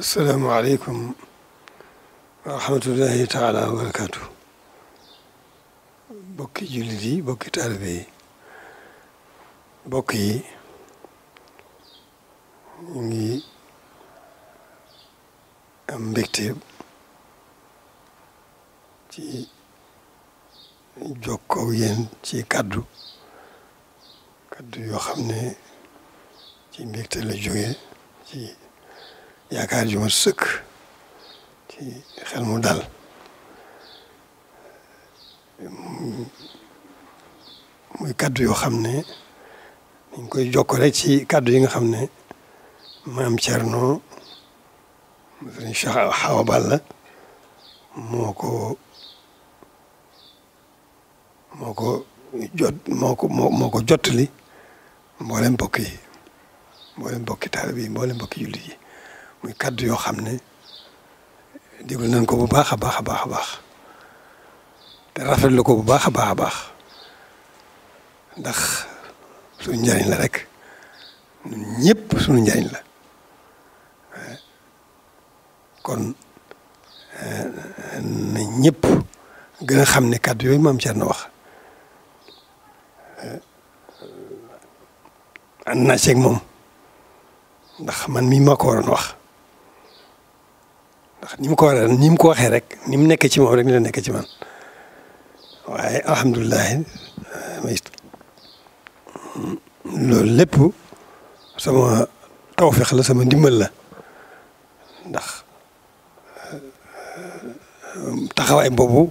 asalaamaaleykum wa rahmatullahi taala wa bokki jullit bokki taalibe yi bokk yi ñu ngi am mbégte ci jokkoo yéen ci kàddu kàddu yoo xam ne ci mbégte la jóge yaakaar ju ma sëkk ci xel mu dal muy kaddu yoo xam ne dañ koy jokk rek ci kaddu yi nga xam ne maam Thierno sëriñ Cheikh Awa Balla moo ko moo ko jot moo ko moo ko jottali mboolem mbokk yi mboolem mbokki taalibe yi mboolem mbokki jullit yi muy kaddu yoo xam ne déglu nañ ko bu baax a baax a baax a baax te rafetlu ko bu baax a baax a baax ndax suñu njariñ la rek ñun ñëpp suñu kon ñëpp gën a xam ne kaddu yooyu maam na wax ànd naa ceeg moom ndax man mii maa ko waroon wax. ndax ni mu ko waree ni mu ko waxee rek ni mu nekkee ci moom rek ni la nekkee ci man waaye alhamdulilah loolu lépp sama tawfeex la sama ndimbal la ndax taxawaay boobu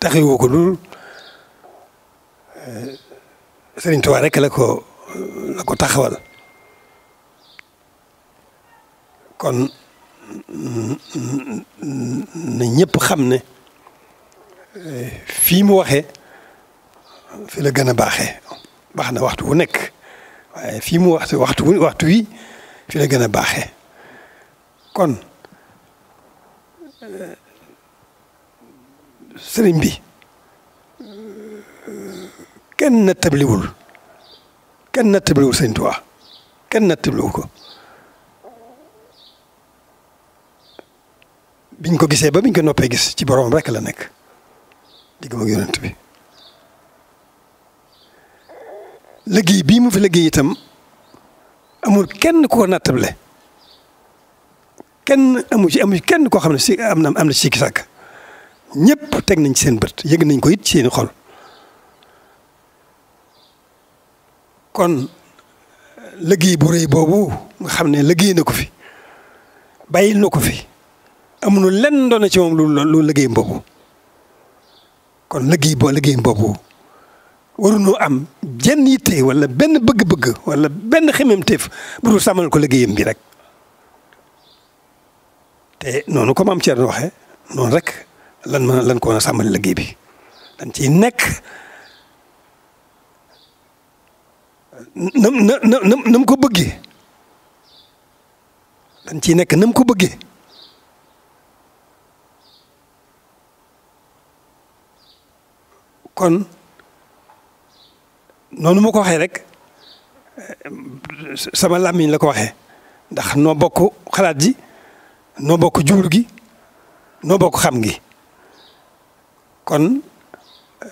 taxawoo ko dul Sëriñ Tuubaa rek la ko. la ko taxawal kon na ñëpp xam ne eh, fii mu waxee fi la gën a baaxe baax na waxtu wu nekk waaye fii mu waxtu waxtu waxtu wi fi la gën a baaxe kon eh, sëriñ bi eh, kenn na tabliwul kenn nattablewul sëñ Tuubaa kenn nattablewul ko biñ ko gisee ba biñ ko noppee gis ci boroom rekk la nekk diggam ak yonent bi liggéey bii mu fi liggéey itam amul kenn ku ko nattable kenn amu ci amu ci kenn koo xam ne si am na am na ci teg nañ ci seen bët yëg nañ ko it ci seen xol kon liggéey bu rëy boobu nga xam ne liggéey na ko fi bàyyil na ko fi amuñu lenn doon na ci moom lu lu liggéeyam boobu kon liggéey boo liggéeyam boobu waruñu am jenn yitte wala benn bëgg-bëgg wala benn xememteef bu dul sàmmal ko liggéeyam bi rek te noonu comme am Thierno waxee noonu rek lan ma lan ko mën a bi dañ ciy nekk. na na na ko bëggee dañ ciy nekk na ko bëggee kon noonu ma ko waxee rek eh, sama làmmiñ la ko waxee ndax noo bokk xalaat ji noo bokk jur gi noo bokk xam gi kon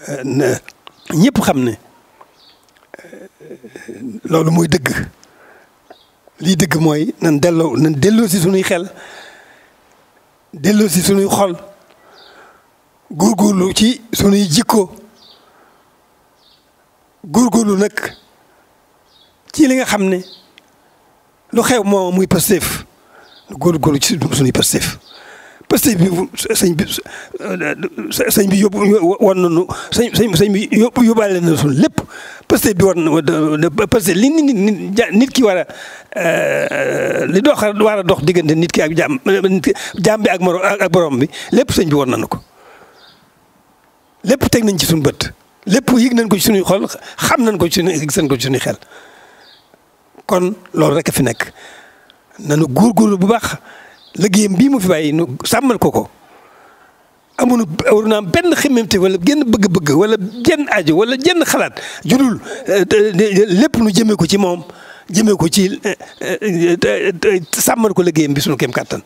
eh, ñëpp xam ne loolu mooy dëgg lii dëgg mooy nan delloo nan delloo si sunuy xel delloo si sunuy xol góorgóorlu ci sunuy jikko góorgóorlu nag ci li nga xam ne lu xew moo muy Pastef lu góorgóorlu ci sunuy Pastef parce que bi sëñ bi sëñ bi yóbbu war nañu sëñ sëñ bi yóbbu yóbbaale na su lépp parce que bi war na parce que li nit nit nit ki war a euh, li dox war a dox diggante nit ki ak jaam jaam bi ak moro ak borom bi lépp sëñ bi war nañu ko lépp teg nañ ci suñ bët lépp yëg nañ ko suñuy xol xam nañ ko ci suñuy gis ko ci suñuy xel kon loolu rek a fi nekk nanu góorgóorlu bu baax. liggéeyam bii mu fi bàyyi nu sàmmal ko ko amuñu waru benn xemmemte wala genn bëgg-bëgg wala jenn aajo wala jenn xalaat judul eh, lépp nu jëmee ko ci moom jëmee ko ci eh, eh, sàmmal ko liggéeyam bi sunu kem kàttan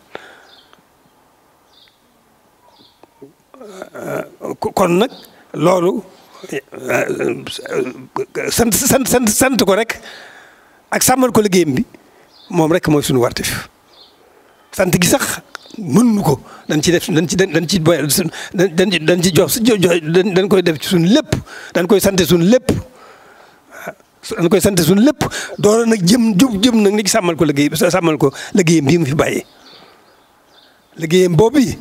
kon nag loolu sant sant sant sant ko rek ak sàmmal ko liggéeyam bi moom rekk mooy suñu wartif sant gi sax mënuñu ko dañ ci def dañ ci dañ ci boy dañ ci dañ ci jox dañ koy def ci suñu lépp dañ koy sante suñu lépp. dañ koy sant suñu lépp doora nag jëm jub jëm nag nit ki sàmmal ko liggéey sàmmal ko liggéeyam bii mu fi bàyyi liggéeyam boobu yi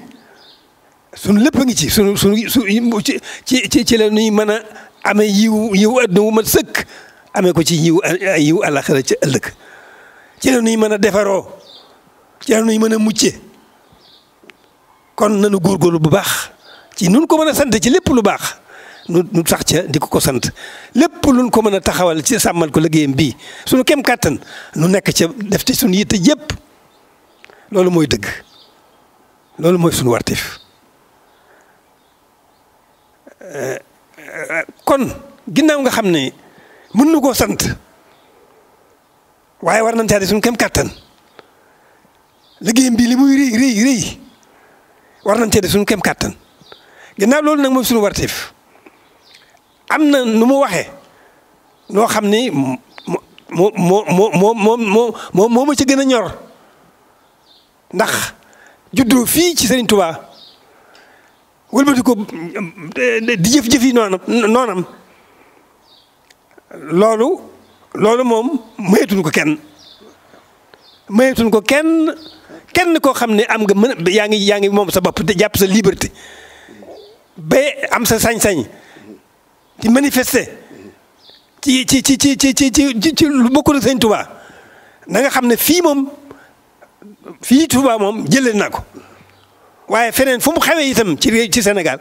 suñu lépp a ngi ci suñu suñu ci ci ci la ñuy mën a amee yiw yiw adduna wu mat sëkk amee ko ci yiw yiw àllaxira ci ëllëg ci la ñuy mën a defaroo. ci la ñuy mën a muccee kon góor góor bu baax ci nun ko mën a sant ci lépp lu baax nu nu sax ca di ko ko sant lépp luñ ko mën a taxawal ci sàmmal ko liggéeyam bii suñu kem kàttan nu nekk ca def ci sunu suñu yitte yépp loolu mooy dëgg loolu mooy suñu wartif euh, euh, kon ginnaaw nga xam ne mën nu koo sant waaye war nañ caa di kem kàttan liggéeyam bii li muy rëy rëy rëy war nañ cee kem kàttan ginnaaw loolu nag mooy suñu warteef am na nu mu waxe noo xam ni moo moo moo moo moo moo moo ma ci gën a ñor ndax juddoo fii ci Serigne Touba wëlbati ko eh, di jëf-jëf yi ko kenn. mayetuñ ko kenn kenn koo xam ne am nga mën yaa ngi yaa ngi moom sa bopp te jàpp sa liberté ba am sa sañ-sañ di manifester ci ci ci ci ci ci ci ci lu bokkul ak sëñ xam ne fii moom fii Touba moom jëlee na ko waaye feneen fu mu xewee itam ci ci senegal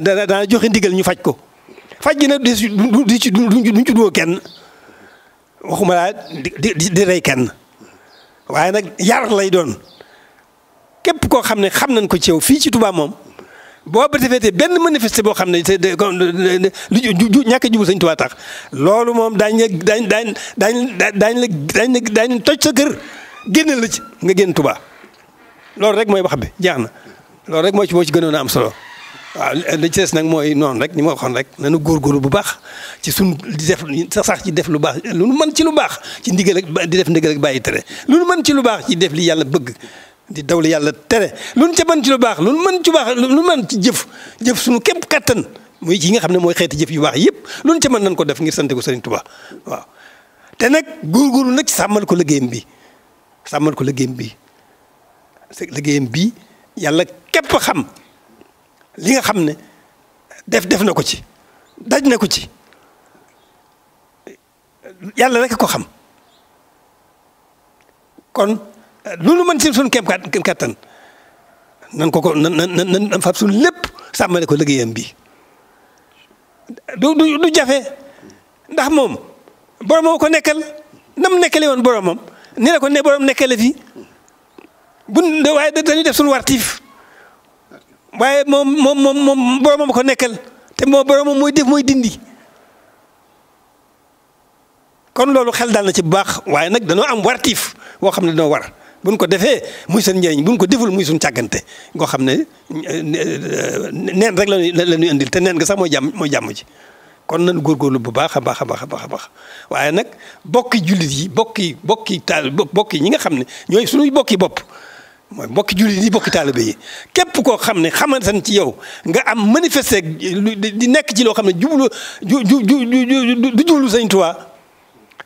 da daa joxe ndigal ñu faj ko faj gi nag du du du du du du kenn waxuma laa di di di rey kenn. waaye nag yar lay doon képp koo xam ne xam nañ ko ci yow fii ci tubaa moom boo ba defee benn manifeste boo xam ne te lu ñàkk a jublu Sëñ Touba tax loolu moom daañu dañ dañ dañ dañ la daañu daañu toj sa kër génne la ci nga génn Touba loolu rek mooy wax bi jeex na loolu rek mooy ci moo ci gënoona am solo. waaw li ci des nag mooy noonu rek ni ma waxoon rek nañu góorgóorlu bu baax ci suñu di def sax ci def lu baax lu nu man ci lu baax ci ndigal ak di def ndigal ak bàyyi tere lu nu ci lu baax ci def li yàlla bëgg di daw li yàlla tere lu nu ca ci lu baax lu nu mën ci baax lu nu ci jëf jëf suñu képp kattan muy yi nga xam ne mooy xeeti jëf yu baax yëpp lu nu mën nañ ko def ngir sant ko Sëriñ Tuubaa waaw te nag góorgóorlu nag sàmmal ko liggéeyam bi sàmmal ko liggéeyam bi liggéeyam bi yàlla képp xam li nga xam ne def def na ko ci daj na ko ci yàlla rek ko xam kon lu nu mën si suñu kéem kattan nan ko ko nan nan nan fab suñu lépp sàmmale ko liggéeyam bi du du jafe ndax moom boromam ko nekkal nam nekkale woon boromam ni la ko ne borom nekkale fi bu waaye dañuy def suñu wartiif waaye moom moom moom moom boromam ko nekkal te moo moom mooy def mooy dindi kon loolu xel daal na ci bu baax waaye nag danoo am wartiif boo xam ne danoo war buñ ko defee muy seen njëriñ buñ ko deful muy suñ càggante ngoo xam ne eh, neen rek la ñuy indil te neen nga sax mooy jàmm mooy jàmm ji kon nañ góorgóorlu bu baax a baax a baax a baax a baax waaye nag bokki jullit yi bokki bokki taal bokki ñi nga xam ne ñooy suñuy bokki bopp mooy mbokki jullit yi mbokki taalibe yi képp koo xam ne xamantan ci yow nga am manifester di nekk ci loo xam ne jublu ju ju du jublu Sëñ Tuubaa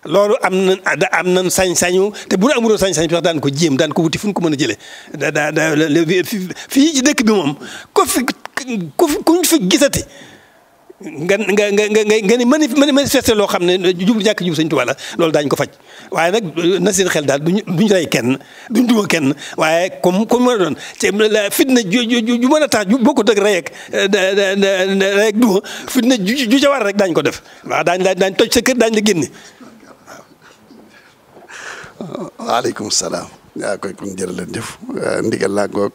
loolu am na am nañ sañ-sañu te bu nu amuloo sañ-sañ sax daan ko jéem daan ko wuti fu ñu ko mën a jëlee da daa fii ci dëkk bi moom ko fi ku fi kuñ fi gisati nga nga nga nga ni manifester loo xam ne jub ñàkk jub sëñ Tuubaa la loolu daañu ko faj waaye nag euh, na seen xel daal duñu duñu rey kenn duñ duma kenn waaye comme comme mën a doon te fitna ju ju mën a tax ju bokkut ak rey ak euh, rey ak duma fitna ju ju rek daañu ko def waaw daañ daañu toj sa kër daañu la génne waaleykum salaam yaa koy kon jërë leen jëf ndigal laa ngoog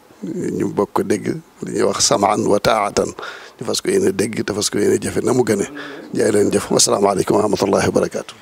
ñu bokk dégg li ñuy wax samaan wa taatan te fas ko yéene dégg te fas ko yéene jafe na mu gëne jaay leen jëf wasalaamaaleykum wa rahmatullahi wa barakaatu.